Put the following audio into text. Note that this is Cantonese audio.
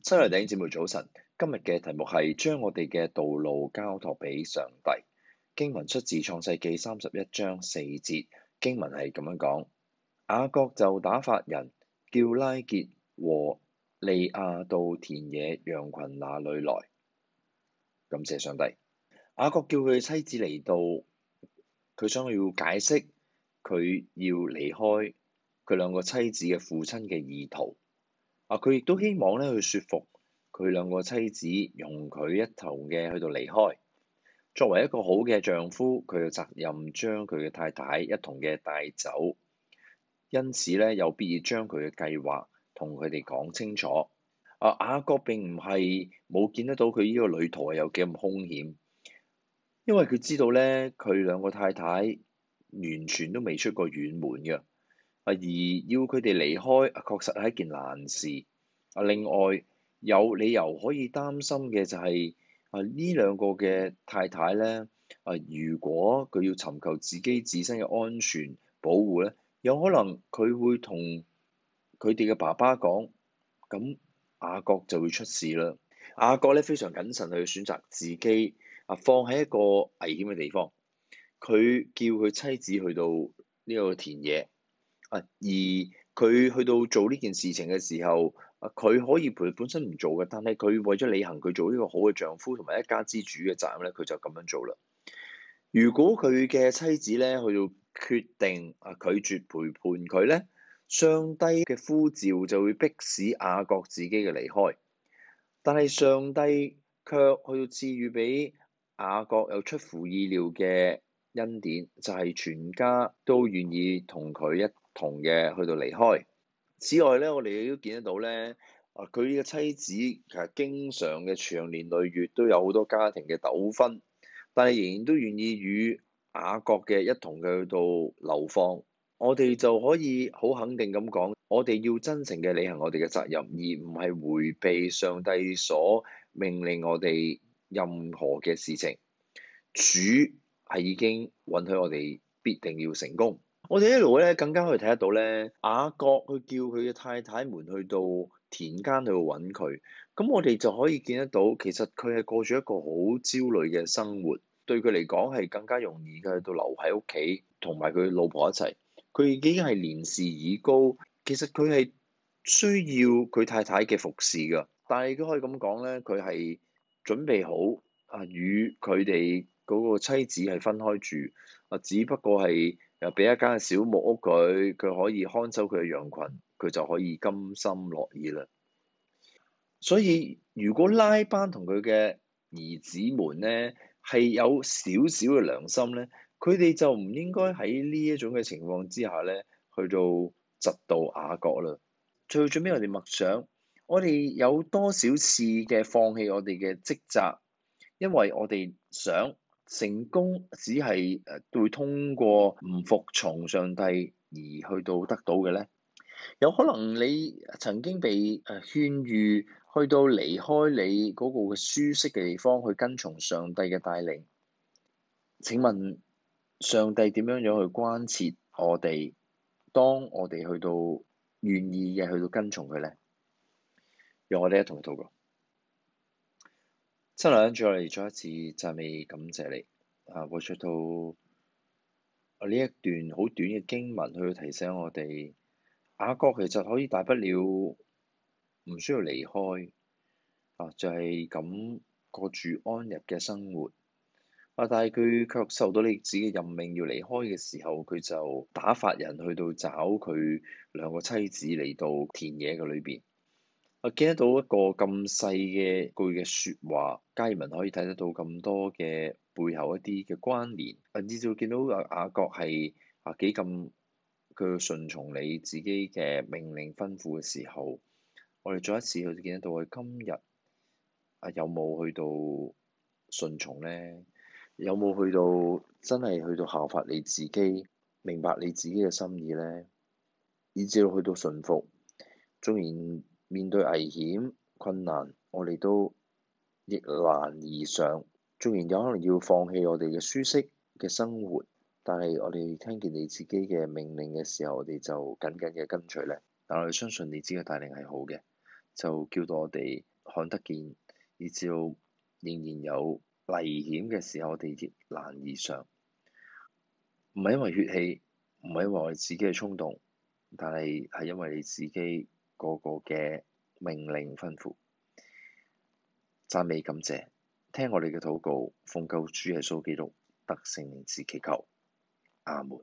新來弟兄姊妹早晨，今日嘅題目係將我哋嘅道路交託畀上帝。經文出自創世記三十一章四節，經文係咁樣講：雅各就打發人叫拉結和利亞到田野羊群那裏來。感謝上帝，雅各叫佢妻子嚟到，佢想要解釋佢要離開佢兩個妻子嘅父親嘅意圖。啊！佢亦都希望咧，去説服佢兩個妻子容佢一同嘅去到離開。作為一個好嘅丈夫，佢嘅責任將佢嘅太太一同嘅帶走。因此咧，有必要將佢嘅計劃同佢哋講清楚。啊！雅各並唔係冇見得到佢呢個旅途有幾咁兇險，因為佢知道咧，佢兩個太太完全都未出過遠門嘅。啊！而要佢哋離開，確實係一件難事。啊！另外有理由可以擔心嘅就係、是、啊，呢兩個嘅太太咧啊，如果佢要尋求自己自己自身嘅安全保護咧，有可能佢會同佢哋嘅爸爸講，咁阿國就會出事啦。阿國咧非常謹慎去選擇自己啊，放喺一個危險嘅地方。佢叫佢妻子去到呢個田野。而佢去到做呢件事情嘅時候，啊，佢可以陪本身唔做嘅，但係佢為咗履行佢做呢個好嘅丈夫同埋一家之主嘅責任咧，佢就咁樣做啦。如果佢嘅妻子咧去到決定啊拒絕陪伴佢咧，上帝嘅呼召就會迫使雅各自己嘅離開，但係上帝卻去到賜予俾雅各有出乎意料嘅恩典，就係、是、全家都願意同佢一。同嘅去到離開。此外咧，我哋亦都見得到咧，啊，佢嘅妻子其實經常嘅長年累月都有好多家庭嘅糾紛，但係仍然都願意與雅各嘅一同嘅去到流放。我哋就可以好肯定咁講，我哋要真誠嘅履行我哋嘅責任，而唔係回避上帝所命令我哋任何嘅事情。主係已經允許我哋必定要成功。我哋一路咧，更加可以睇得到咧，雅各去叫佢嘅太太們去到田間去揾佢。咁我哋就可以見得到，其實佢係過住一個好焦慮嘅生活。對佢嚟講係更加容易嘅，到留喺屋企同埋佢老婆一齊。佢已經係年事已高，其實佢係需要佢太太嘅服侍㗎。但係都可以咁講咧，佢係準備好啊，與佢哋。嗰個妻子係分開住，啊，只不過係又俾一間小木屋佢，佢可以看守佢嘅羊群，佢就可以甘心樂意啦。所以如果拉班同佢嘅兒子們咧係有少少嘅良心咧，佢哋就唔應該喺呢一種嘅情況之下咧，去到嫉妒雅各啦。最最尾我哋默想，我哋有多少次嘅放棄我哋嘅職責，因為我哋想。成功只係誒會通過唔服從上帝而去到得到嘅咧。有可能你曾經被誒勸喻，去到離開你嗰個嘅舒適嘅地方去跟從上帝嘅帶領。請問上帝點樣樣去關切我哋？當我哋去到願意嘅去到跟從佢咧，讓我哋一同嚟度過。新係，再嚟再一次讚美感謝你。啊，活出到呢一段好短嘅經文，佢提醒我哋雅各其實可以大不了唔需要離開，啊，就係咁過住安逸嘅生活。啊！但係佢卻受到你自己任命要離開嘅時候，佢就打發人去到找佢兩個妻子嚟到田野嘅裏邊。我見得到一個咁細嘅句嘅説話，家以民可以睇得到咁多嘅背後一啲嘅關聯。甚至會見到阿雅各係啊，啊，啊幾咁，佢要順從你自己嘅命令吩咐嘅時候，我哋再一次去見得到佢今日啊有冇去到順從咧？有冇去到真係去到效法你自己明白你自己嘅心意咧？以至到去到順服，縱然。面對危險困難，我哋都逆難而上。雖然有可能要放棄我哋嘅舒適嘅生活，但係我哋聽見你自己嘅命令嘅時候，我哋就緊緊嘅跟隨咧。但我哋相信你自己嘅帶領係好嘅，就叫到我哋看得見，以至仍然有危險嘅時候，我哋逆難而上。唔係因為血氣，唔係因為我哋自己嘅衝動，但係係因為你自己。個個嘅命令吩咐，讚美感謝，聽我哋嘅禱告，奉救主耶穌基督，得聖名字祈求，阿門。